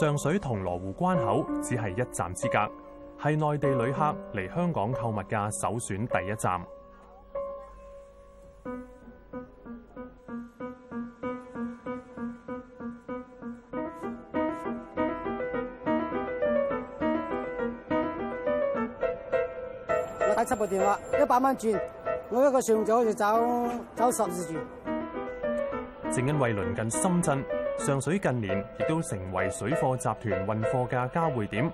上水同羅湖關口只係一站之隔，係內地旅客嚟香港購物嘅首選第一站。一部電話一百蚊轉，我一個上早就走走十二轉。正因為鄰近深圳、上水近年亦都成為水貨集團運貨嘅交匯點，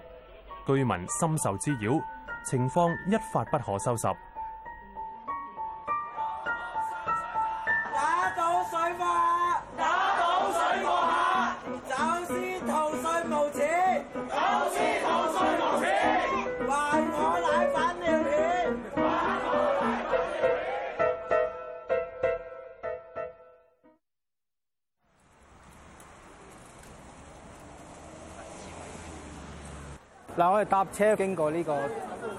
居民深受滋擾，情況一發不可收拾。嗱，我哋搭車經過呢個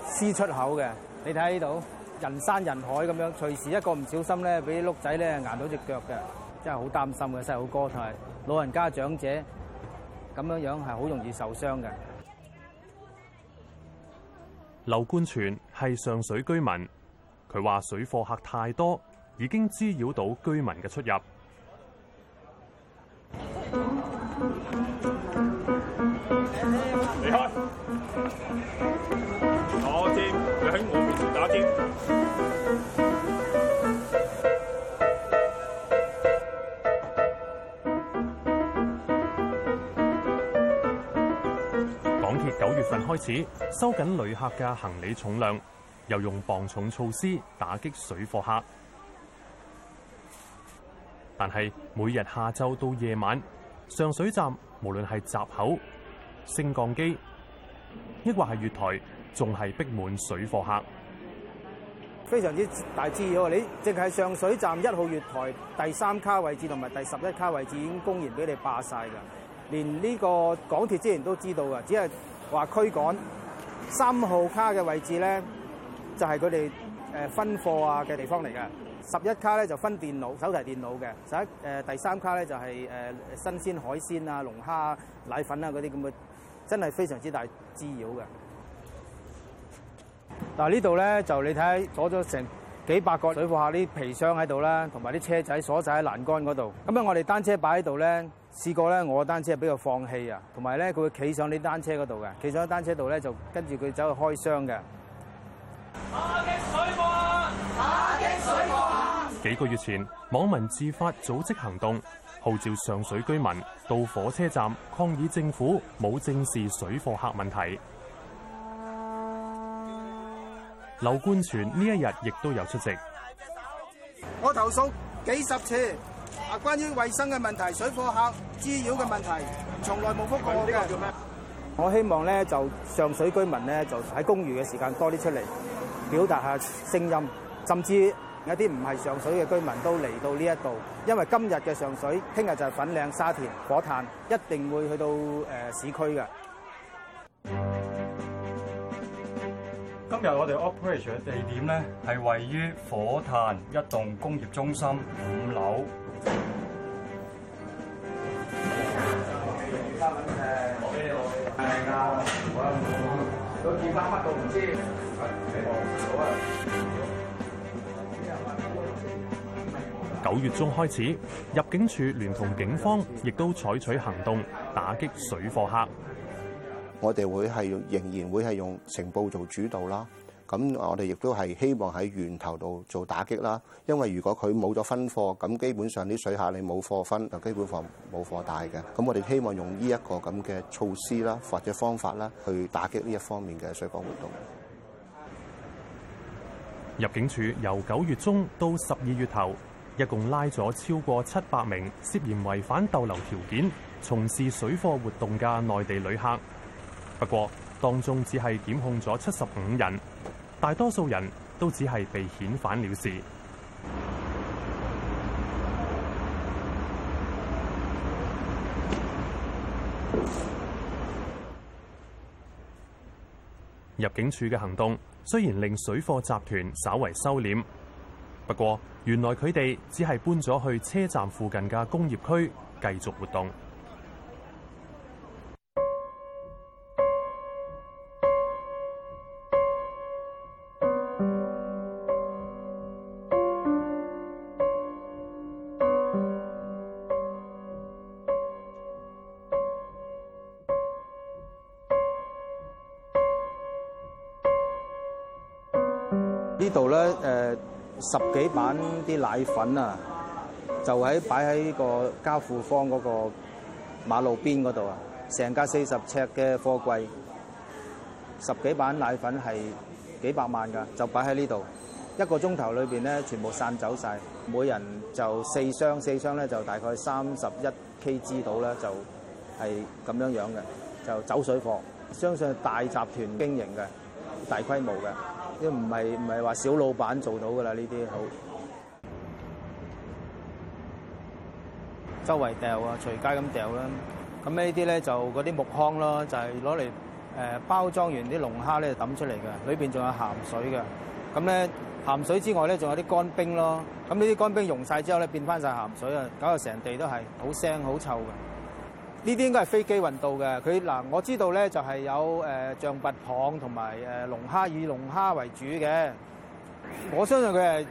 C 出口嘅，你睇到人山人海咁樣，隨時一個唔小心咧，俾啲碌仔咧捱到隻腳嘅，真係好擔心嘅。細路哥同埋老人家、長者咁樣樣係好容易受傷嘅。劉冠全係上水居民，佢話水貨客太多，已經滋擾到居民嘅出入。嗯嗯嗯九月份開始收緊旅客嘅行李重量，又用磅重措施打擊水貨客。但係每日下晝到夜晚，上水站無論係閘口、升降機，抑或係月台，仲係逼滿水貨客。非常之大知曉，你淨係上水站一號月台第三卡位置同埋第十一卡位置已經公然俾你霸晒㗎。連呢個港鐵之前都知道㗎，只係。話驅趕三號卡嘅位置咧，就係佢哋誒分貨啊嘅地方嚟嘅。十一卡咧就分電腦、手提電腦嘅。十一誒第三卡咧就係誒新鮮海鮮啊、龍蝦啊、奶粉啊嗰啲咁嘅，真係非常之大的滋擾嘅。嗱，呢度咧就你睇，鎖咗成幾百個水貨客啲皮箱喺度啦，同埋啲車仔鎖晒喺欄杆嗰度。咁樣我哋單車擺喺度咧。試過咧，我的單車俾佢放氣啊，同埋咧佢會企上呢單車嗰度嘅，企上啲單車度咧就跟住佢走去開箱嘅。打擊水貨打擊水貨幾個月前，網民自發組織行動，號召上水居民到火車站抗議政府冇正視水貨客問題。啊、劉冠全呢一日亦都有出席。我投訴幾十次。啊！關於衞生嘅問題、水貨客滋擾嘅問題，從來冇覆過嘅。我希望咧就上水居民咧就喺公餘嘅時間多啲出嚟表達下聲音，甚至有啲唔係上水嘅居民都嚟到呢一度，因為今日嘅上水，聽日就係粉嶺、沙田、火炭，一定會去到誒市區嘅。今日我哋 operation 嘅地點咧係位於火炭一棟工業中心五樓。九月中開始，入境處聯同警方，亦都採取行動，打擊水貨客。我哋會係仍然會係用情報做主導啦。咁我哋亦都係希望喺源頭度做打擊啦，因為如果佢冇咗分貨，咁基本上啲水客你冇貨分就基本上冇貨帶嘅。咁我哋希望用呢一個咁嘅措施啦，或者方法啦，去打擊呢一方面嘅水貨活動。入境處由九月中到十二月頭，一共拉咗超過七百名涉嫌違反逗留條件、從事水貨活動嘅內地旅客。不過當中只係檢控咗七十五人。大多數人都只係被遣返了事。入境處嘅行動雖然令水貨集團稍為收斂，不過原來佢哋只係搬咗去車站附近嘅工業區繼續活動。這呢度咧，誒十幾板啲奶粉啊，就喺擺喺個嘉富坊嗰個馬路邊嗰度啊，成架四十尺嘅貨櫃，十幾板奶粉係幾百萬噶，就擺喺呢度，一個鐘頭裏邊咧，全部散走晒，每人就四箱，四箱咧就大概三十一 K 支到啦，就係、是、咁樣樣嘅，就走水貨，相信係大集團經營嘅，大規模嘅。都唔係唔係話小老闆做到㗎喇呢啲好，周圍掉啊，隨街咁掉啦。咁呢啲咧就嗰啲木糠咯，就係攞嚟誒包裝完啲龍蝦咧抌出嚟嘅，裏邊仲有鹹水嘅。咁咧鹹水之外咧仲有啲乾冰咯。咁呢啲乾冰溶晒之後咧變返晒鹹水啊，搞到成地都係好腥好臭嘅。呢啲應該係飛機運到嘅，佢嗱我知道咧就係、是、有誒、呃、象拔蚌同埋誒龍蝦，以龍蝦為主嘅。我相信佢係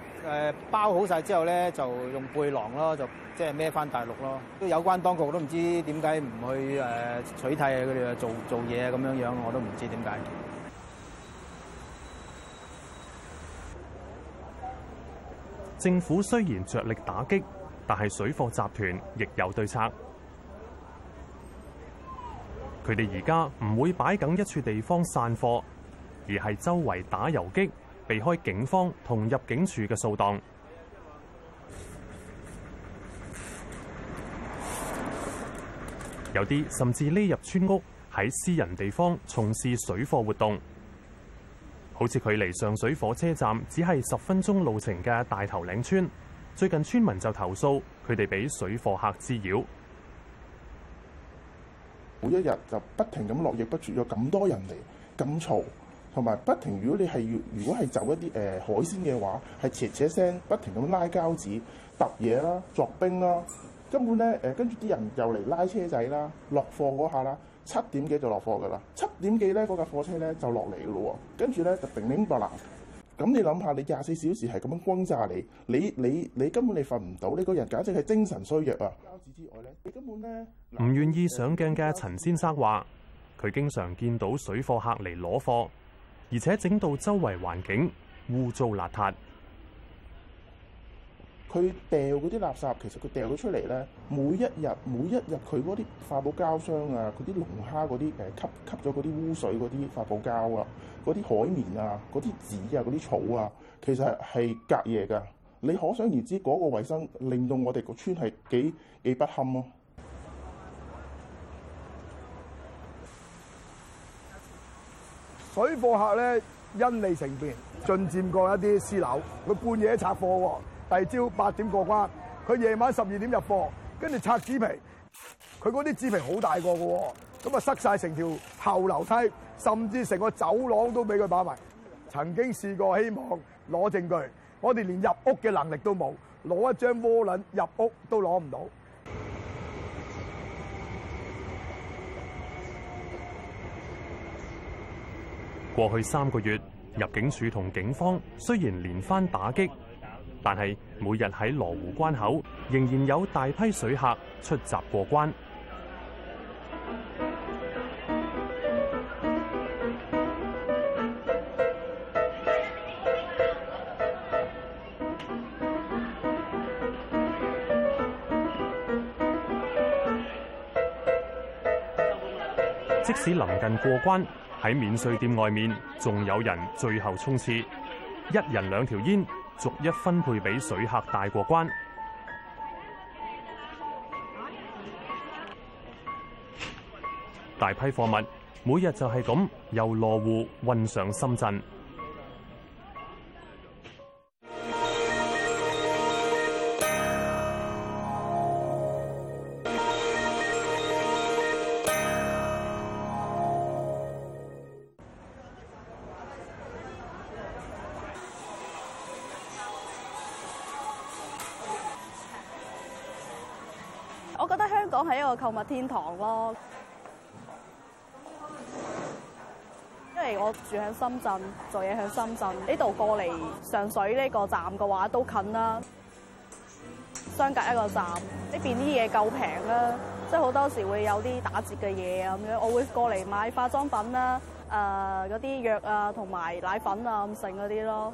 誒包好晒之後咧，就用背囊咯，就即係孭翻大陸咯。都有關當局都唔知點解唔去誒、呃、取締佢哋做做嘢啊咁樣樣，我都唔知點解。政府雖然着力打擊，但係水貨集團亦有對策。佢哋而家唔會擺緊一處地方散貨，而係周圍打游擊，避開警方同入境處嘅掃蕩。有啲甚至匿入村屋喺私人地方從事水貨活動，好似距離上水火車站只係十分鐘路程嘅大頭嶺村，最近村民就投訴佢哋畀水貨客滋擾。每一日就不停咁絡繹不絕，有咁多人嚟，咁嘈，同埋不停。如果你係要，如果係走一啲誒、呃、海鮮嘅話，係斜斜聲不停咁拉膠紙揼嘢啦，作冰啦。根本咧誒，跟住啲人又嚟拉車仔啦，落貨嗰下啦，七點幾就落貨㗎啦。七點幾咧，嗰架貨車咧就落嚟㗎喎，跟住咧就定零落落。咁你諗下，你廿四小時係咁樣轟炸你，你你你，你根本你瞓唔到，呢個人簡直係精神衰弱啊！之外呢，你根本呢，唔願意上鏡嘅陳先生話，佢經常見到水貨客嚟攞貨，而且整到周圍環境污糟邋遢。佢掉嗰啲垃圾，其實佢掉咗出嚟咧。每一日，每一日，佢嗰啲發泡膠箱啊，佢啲龍蝦嗰啲誒吸吸咗嗰啲污水嗰啲發泡膠啊，嗰啲海綿啊，嗰啲紙啊，嗰啲草啊，其實係隔夜㗎。你可想而知嗰、嗰個衞生，令到我哋個村係幾幾不堪咯。水貨客咧，因利乘便，進佔過一啲私樓，佢半夜拆貨喎。第二朝八點過關，佢夜晚十二點入貨，跟住拆紙皮。佢嗰啲紙皮好大個嘅喎，咁啊塞晒成條後樓梯，甚至成個走廊都俾佢擺埋。曾經試過希望攞證據，我哋連入屋嘅能力都冇，攞一張窩稈入屋都攞唔到。過去三個月，入境處同警方雖然連番打擊。但係每日喺羅湖關口仍然有大批水客出閘過關。即使臨近過關，喺免稅店外面仲有人最後衝刺，一人兩條煙。逐一分配俾水客帶過關，大批貨物每日就係咁由羅湖運上深圳。個購物天堂咯，因為我住喺深圳，做嘢喺深圳，呢度過嚟上水呢個站嘅話都近啦，相隔一個站，呢邊啲嘢夠平啦，即係好多時會有啲打折嘅嘢啊咁樣，我會過嚟買化妝品啦，誒嗰啲藥啊，同埋奶粉啊咁剩嗰啲咯。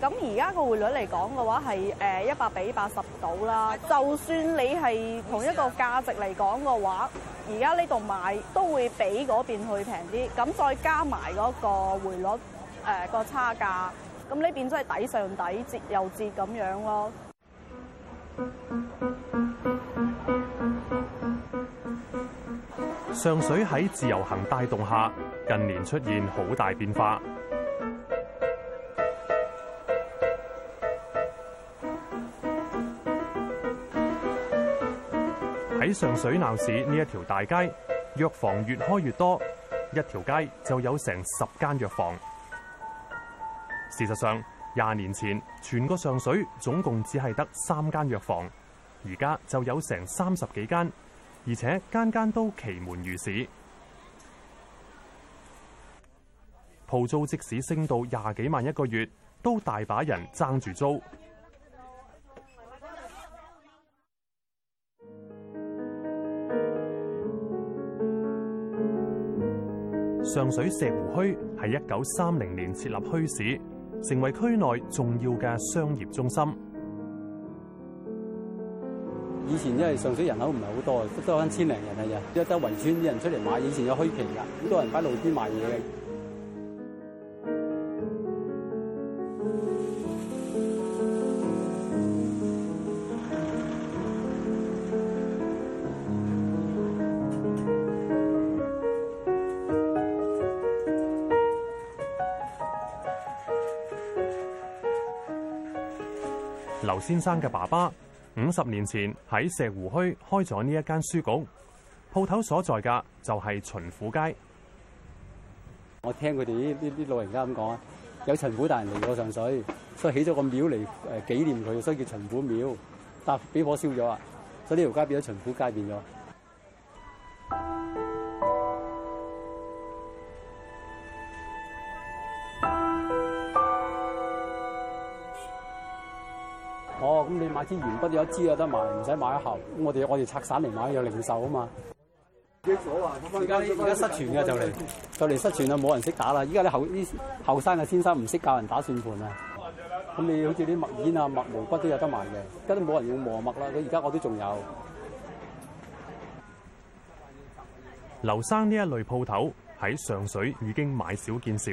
咁而家個匯率嚟講嘅話係誒一百比八十到啦，就算你係同一個價值嚟講嘅話，而家呢度買都會比嗰邊去平啲。咁再加埋嗰個匯率誒個差價，咁呢邊真係抵上抵，折又折咁樣咯。上水喺自由行帶動下，近年出現好大變化。上水鬧市呢一條大街，藥房越開越多，一條街就有成十間藥房。事實上，廿年前全個上水總共只係得三間藥房，而家就有成三十幾間，而且間間都奇門如市。鋪租即使升到廿幾萬一個月，都大把人爭住租。上水石湖墟係一九三零年設立墟市，成為區內重要嘅商業中心。以前因為上水人口唔係好多，得返千零人係啊，一得圍村啲人出嚟買。以前有墟期㗎，好多人喺路邊賣嘢嘅。劉先生嘅爸爸五十年前喺石湖墟開咗呢一間書局，鋪頭所在嘅就係巡撫街。我聽佢哋呢啲老人家咁講啊，有巡撫大人嚟過上水，所以起咗個廟嚟誒紀念佢，所以叫巡撫廟。但俾火燒咗啊，所以呢條街變咗巡撫街變咗。你買支鉛筆，有一支有得賣，唔使買一盒。我哋我哋拆散嚟買，有零售啊嘛。而家而家失傳嘅就嚟，就嚟失傳啦，冇人識打啦。依家啲後啲後生嘅先生唔識教人打算盤、嗯、啊。咁你好似啲墨煙啊、墨毛筆都有得賣嘅，而家都冇人用磨墨啦。佢而家我都仲有。劉生呢一類鋪頭喺上水已經買少見少。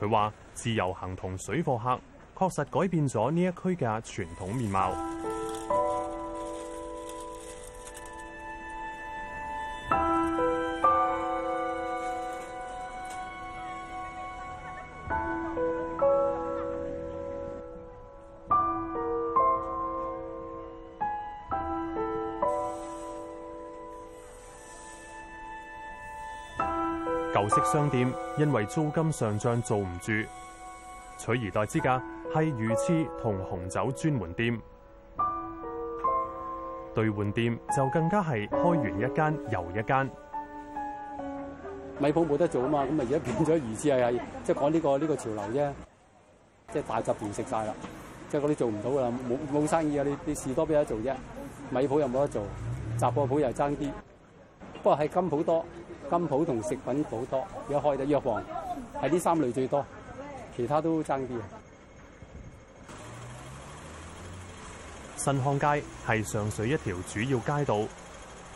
佢話。自由行同水貨客確實改變咗呢一區嘅傳統面貌。舊式商店因為租金上漲做唔住，取而代之嘅係魚翅同紅酒專門店，兌換店就更加係開完一間又一間。米鋪冇得做啊嘛，咁啊而家變咗魚翅係，即係講呢個呢個潮流啫，即係大集團食晒啦，即嗰啲做唔到噶啦，冇冇生意啊，你你士多啤得做啫，米鋪又冇得做，雜貨鋪又爭啲，不過係金鋪多。金鋪同食品好多，有開得藥房，係呢三類最多，其他都爭啲。新康街係上水一條主要街道，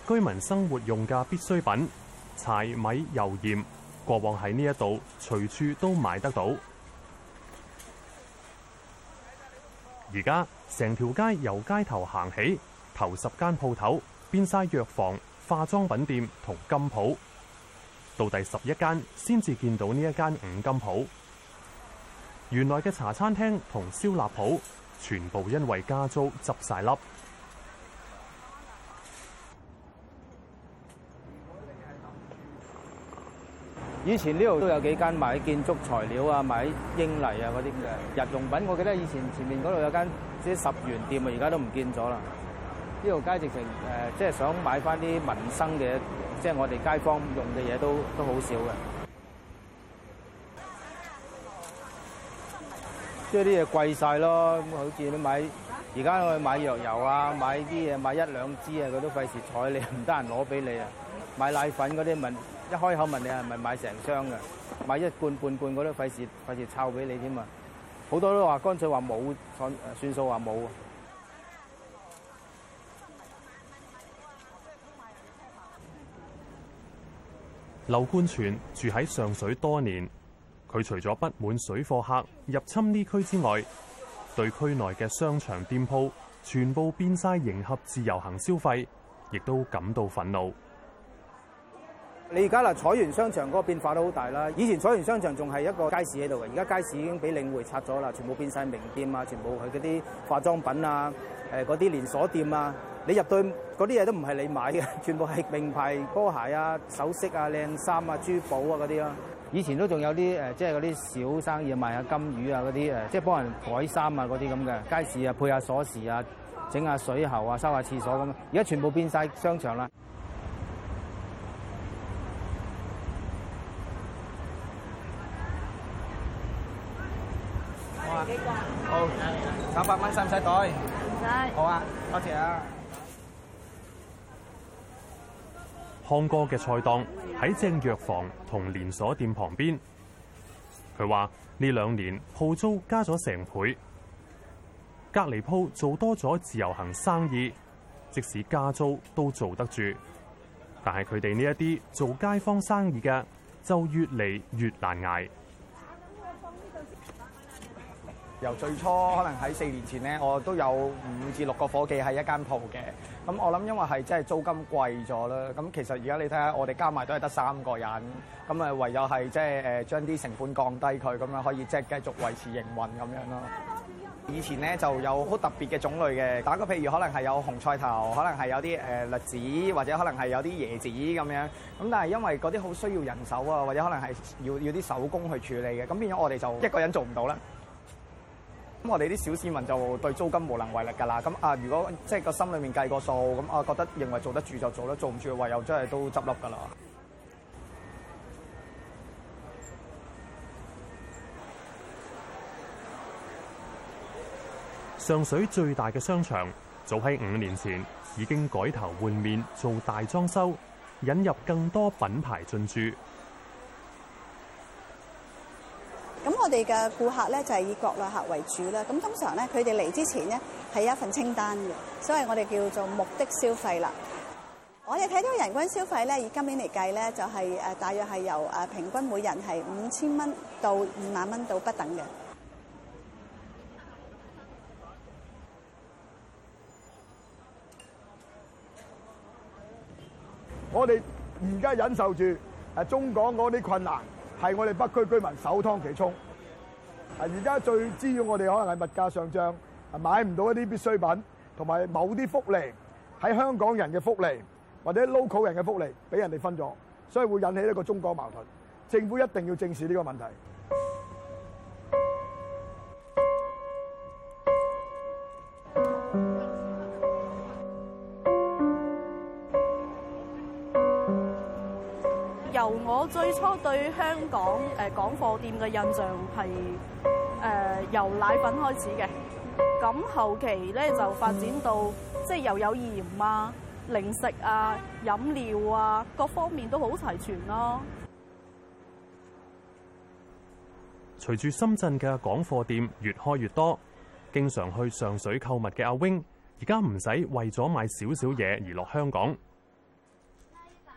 居民生活用嘅必需品柴米油鹽，過往喺呢一度隨處都買得到。而家成條街由街頭行起頭十間鋪頭，變晒藥房、化妝品店同金鋪。到第十一間，先至見到呢一間五金鋪。原來嘅茶餐廳同燒臘鋪，全部因為加租執晒笠。以前呢度都有幾間賣建築材料啊，賣英泥啊嗰啲嘅日用品。我記得以前前面嗰度有間即十元店啊，而家都唔見咗啦。呢度街直情誒，即係想買翻啲民生嘅，即係我哋街坊用嘅嘢都都好少嘅。即係啲嘢貴晒咯，咁好似你買而家我去買藥油啊，買啲嘢買一兩支啊，佢都費事睬你，唔得人攞俾你啊。買奶粉嗰啲問一開口問你係唔係買成箱㗎？買一罐半罐嗰啲費事費事湊俾你添啊。好多都話乾脆話冇算數話冇。劉冠泉住喺上水多年，佢除咗不滿水貨客入侵呢區之外，對區內嘅商場店鋪全部變晒迎合自由行消費，亦都感到憤怒。你而家嗱彩園商場嗰個變化都好大啦，以前彩園商場仲係一個街市喺度嘅，而家街市已經俾領匯拆咗啦，全部變晒名店啊，全部係嗰啲化妝品啊，誒嗰啲連鎖店啊。你入到去，嗰啲嘢都唔係你買嘅，全部係名牌波鞋啊、首飾啊、靚衫啊、珠寶啊嗰啲咯。以前都仲有啲誒，即係嗰啲小生意賣下金魚啊嗰啲誒，即係幫人改衫啊嗰啲咁嘅，街市啊配下鎖匙啊，整下水喉啊，收下廁所咁。而家全部變曬商場啦。好啊，三百蚊，使唔使袋？唔使。好啊，多謝啊。康哥嘅菜檔喺正藥房同連鎖店旁邊。佢話呢兩年鋪租加咗成倍，隔籬鋪做多咗自由行生意，即使加租都做得住。但係佢哋呢一啲做街坊生意嘅，就越嚟越難捱。由最初可能喺四年前呢，我都有五至六個伙計喺一間鋪嘅。咁我諗，因為係即係租金貴咗啦。咁其實而家你睇下，我哋加埋都係得三個人，咁啊唯有係即係將啲成本降低佢，咁樣可以即係繼續維持營運咁樣咯。以前咧就有好特別嘅種類嘅，打個譬如可能係有紅菜頭，可能係有啲誒栗子，或者可能係有啲椰子咁樣。咁但係因為嗰啲好需要人手啊，或者可能係要要啲手工去處理嘅，咁變咗我哋就一個人做唔到啦。咁我哋啲小市民就對租金無能為力㗎啦。咁啊，如果即係個心裏面計個數，咁我覺得認為做得住就做，做唔住嘅話又真係都執笠㗎啦。上水最大嘅商場早喺五年前已經改頭換面做大裝修，引入更多品牌進駐。我哋嘅顧客咧就係以國內客為主啦。咁通常咧，佢哋嚟之前咧係有一份清單嘅，所以我哋叫做目的消費啦。我哋睇到人均消費咧，以今年嚟計咧，就係誒大約係由誒平均每人係五千蚊到二萬蚊到不等嘅。我哋而家忍受住誒中港嗰啲困難，係我哋北區居民首當其衝。而家最主要我哋可能係物價上漲，買買唔到一啲必需品，同埋某啲福利喺香港人嘅福利，或者 local 人嘅福利俾人哋分咗，所以會引起一個中港矛盾。政府一定要正視呢個問題。對香港誒、呃、港貨店嘅印象係誒、呃、由奶粉開始嘅，咁後期咧就發展到即係又有鹽啊、零食啊、飲料啊，各方面都好齊全咯、啊。隨住深圳嘅港貨店越開越多，經常去上水購物嘅阿 Wing 而家唔使為咗買少少嘢而落香港。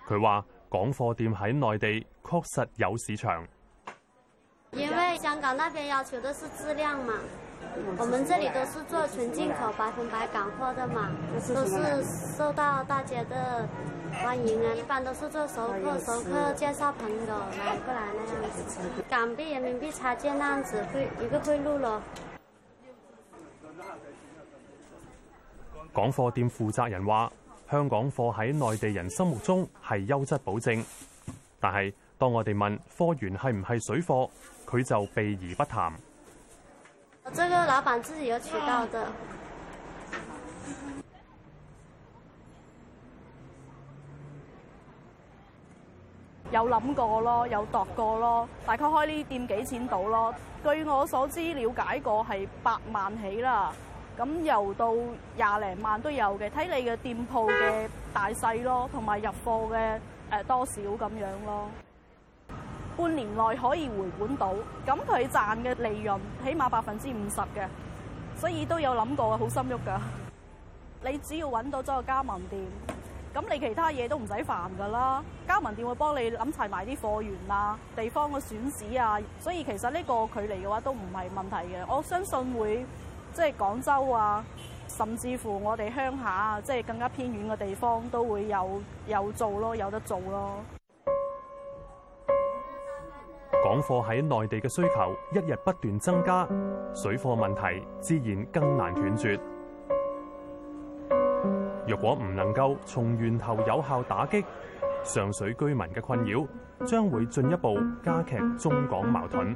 佢話。港貨店喺內地確實有市場，因為香港那邊要求的是質量嘛，我們這裏都是做純進口、百分百港貨的嘛，都是受到大家的歡迎啊！一般都是做熟客、熟客介紹朋友來過來那樣子，港幣、人民幣差價那樣子，匯一個匯率咯。港貨店負責人話。香港貨喺內地人心目中係優質保證但係當我哋問貨源係唔係水貨佢就避而不談。我這個老闆自己有渠道的，有諗過咯，有度過咯，大概開呢店幾錢到咯？據我所知了解過係百萬起啦。咁由到廿零萬都有嘅，睇你嘅店鋪嘅大細咯，同埋入貨嘅、呃、多少咁樣咯。半年內可以回本到，咁佢賺嘅利潤起碼百分之五十嘅，所以都有諗過，好心喐噶。你只要揾到咗個加盟店，咁你其他嘢都唔使煩噶啦。加盟店會幫你諗齊埋啲貨源啊，地方嘅選址啊，所以其實呢個距離嘅話都唔係問題嘅，我相信會。即係廣州啊，甚至乎我哋鄉下啊，即係更加偏遠嘅地方，都會有有做咯，有得做咯。港貨喺內地嘅需求一日不斷增加，水貨問題自然更難斷絕。若果唔能夠從源頭有效打擊，上水居民嘅困擾將會進一步加劇中港矛盾。